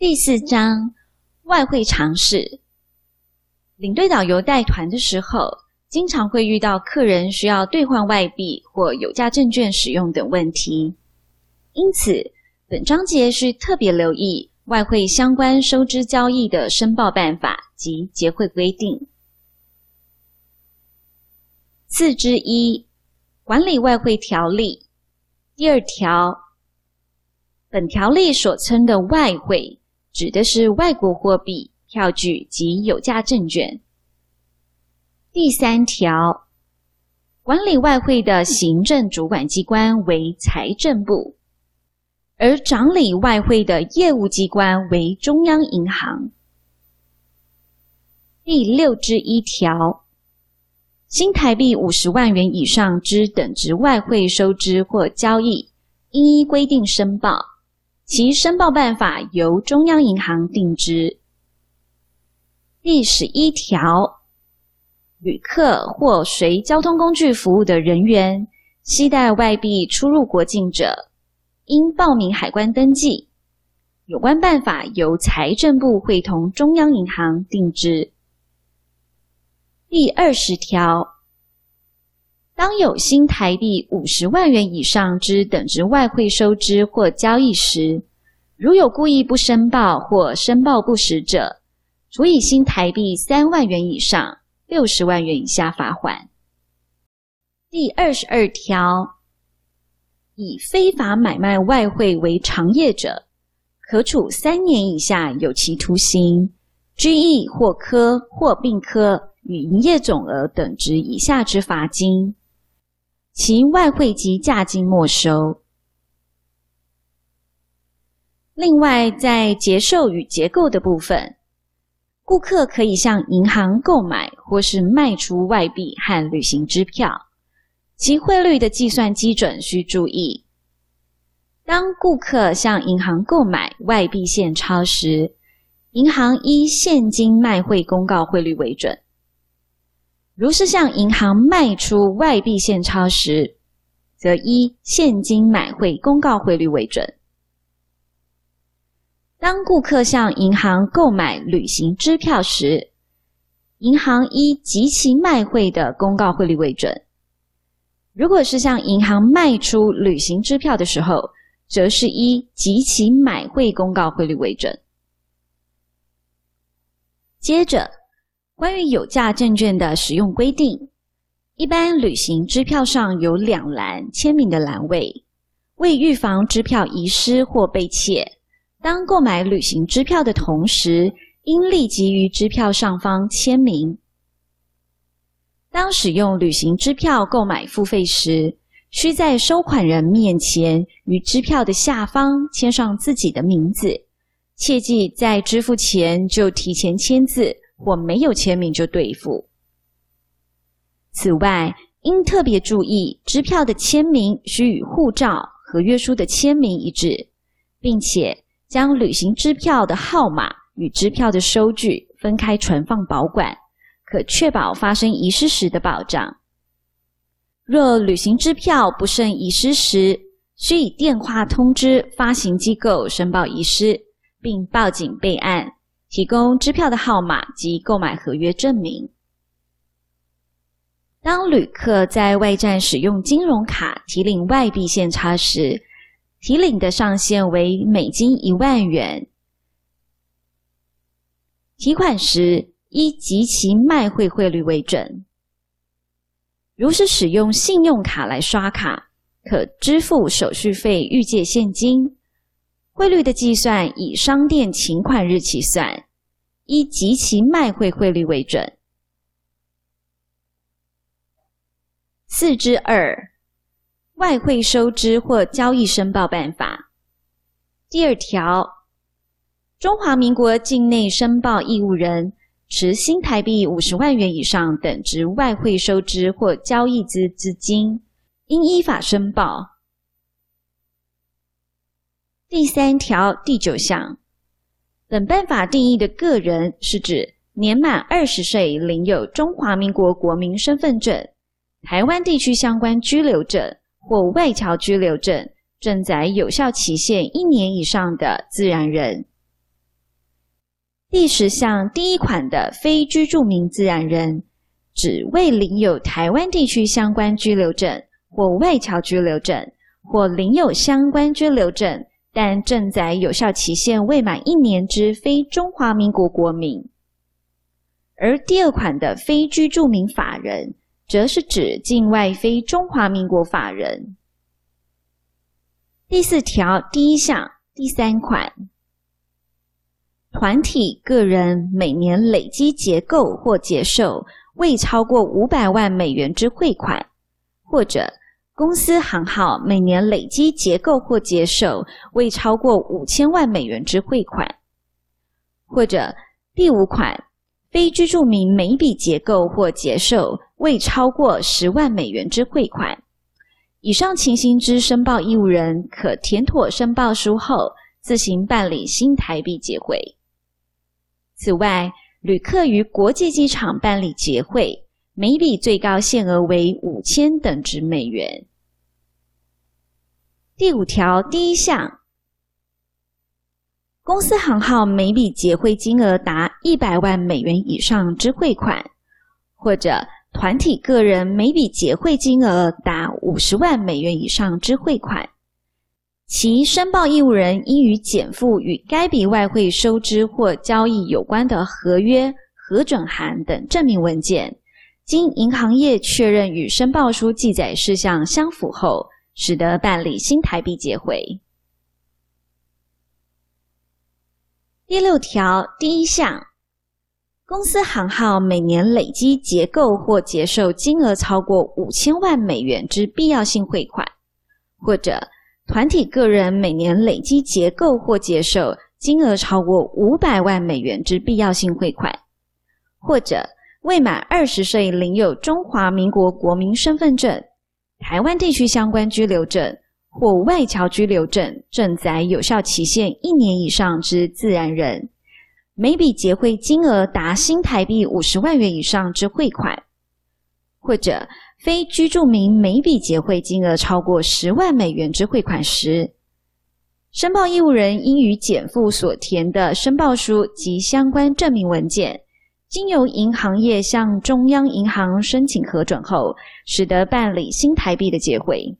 第四章外匯常識，領隊導遊帶團的時候，經常會遇到客人需要兌換外幣或有價證券使用等問題，因此本章節需特別留意外匯相關收支交易的申報辦法及結匯規定。四之一，管理外匯條例第二條，本條例所稱的外匯。指的是外國貨幣、票據及有價證券。第三條，管理外匯的行政主管機關為財政部，而掌理外匯的業務機關為中央銀行。第六之一條，新台幣五十萬元以上之等值外匯收支或交易，應依規定申報。其申報辦法由中央銀行定之。第十一條，旅客或隨交通工具服務的人員，攜帶外幣出入國境者，應報明海關登記。有關辦法由財政部會同中央銀行定之。第二十條。當有新台幣五十萬元以上之等值外匯收支或交易時，如有故意不申報或申報不實者，處以新台幣三萬元以上六十萬元以下罰鍰。第二十二條，以非法買賣外匯為常業者，可處三年以下有期徒刑、拘役或科或併科與營業總額等值以下之罰金。其外匯及價金沒收。另外，在結售與結購的部分，顧客可以向銀行購買或是賣出外幣和旅行支票。其匯率的計算基準需注意：當顧客向銀行購買外幣現鈔時，銀行依現金賣匯公告匯率為準。如是向銀行賣出外幣現鈔時，則依現金買匯公告匯率為準。當顧客向銀行購買旅行支票時，銀行依即期賣匯的公告匯率為準。如果是向銀行賣出旅行支票的時候，則是依即期買匯公告匯率為準。接着。關於有價證券的使用規定，一般旅行支票上有兩欄簽名的欄位。為預防支票遺失或被竊，當購買旅行支票的同時，應立即於支票上方簽名。當使用旅行支票購買付費時，需在收款人面前於支票的下方簽上自己的名字。切忌在支付前就提前簽字。或沒有簽名就兌付。此外，應特別注意支票的簽名須與護照合約書的簽名一致，並且將旅行支票的號碼與支票的收據分開存放保管，可確保發生遺失時的保障。若旅行支票不慎遺失時，須以電話通知發行機構申報遺失，並報警備案。提供支票的號碼及購買合約證明。當旅客在外站使用金融卡提領外幣現鈔時，提領的上限為美金一萬元。提款時依即期賣匯匯率為準。如是使用信用卡來刷卡，可支付手續費預借現金。匯率的計算以商店請款日起算，依及其賣匯匯率為準。四之二，外匯收支或交易申報辦法第二條，中華民國境內申報義務人持新台幣五十萬元以上等值外匯收支或交易資資金，應依法申報。第三條第九項，本辦法定義的個人是指年滿二十歲、領有中華民國國民身份證、台灣地區相關居留證或外僑居留證，正在有效期限一年以上的自然人。第十項第一款的非居住民自然人，指未領有台灣地區相關居留證或外僑居留證或領有相關居留證。但正在有效期限未滿一年之非中華民國國民，而第二款的非居住民法人，則是指境外非中華民國法人。第四條第一項第三款，團體、個人每年累積結購或結售未超過五百萬美元之匯款，或者。公司行號每年累積結購或結售未超過五千萬美元之匯款，或者第五款，非居住民每筆結購或結售未超過十萬美元之匯款，以上情形之申報義務人可填妥申報書後自行辦理新台幣結匯。此外，旅客於國際機場辦理結匯，每筆最高限額為五千等值美元。第五條第一項，公司行號每筆結匯金額達一百萬美元以上之匯款，或者團體個人每筆結匯金額達五十萬美元以上之匯款，其申報義務人應予檢附與該筆外匯收支或交易有關的合約、核准函等證明文件，經銀行業確認與申報書記載事項相符後，使得辦理新台幣結匯。第六條第一項，公司行號每年累積結購或結售金額超過五千萬美元之必要性匯款，或者團體個人每年累積結購或結售金額超過五百萬美元之必要性匯款，或者未滿二十歲領有中華民國國民身份證、台灣地區相關居留證或外僑居留證，證載有效期限一年以上之自然人，每筆結匯金額達新台幣五十萬元以上之匯款，或者非居住民每筆結匯金額超過十萬美元之匯款時，申報義務人應檢附所填的申報書及相關證明文件。經由銀行業向中央銀行申請核准後，使得辦理新台幣的結匯。